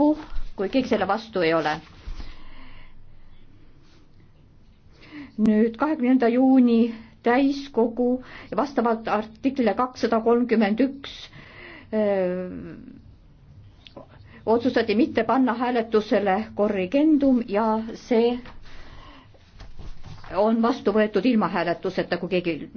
lõppu, kui keegi selle vastu ei ole. nüüd kahekümnenda juuni täiskogu vastavalt artiklile kakssada kolmkümmend üks otsustati mitte panna hääletusele korrigendum ja see on vastu võetud ilma hääletuseta, kui keegi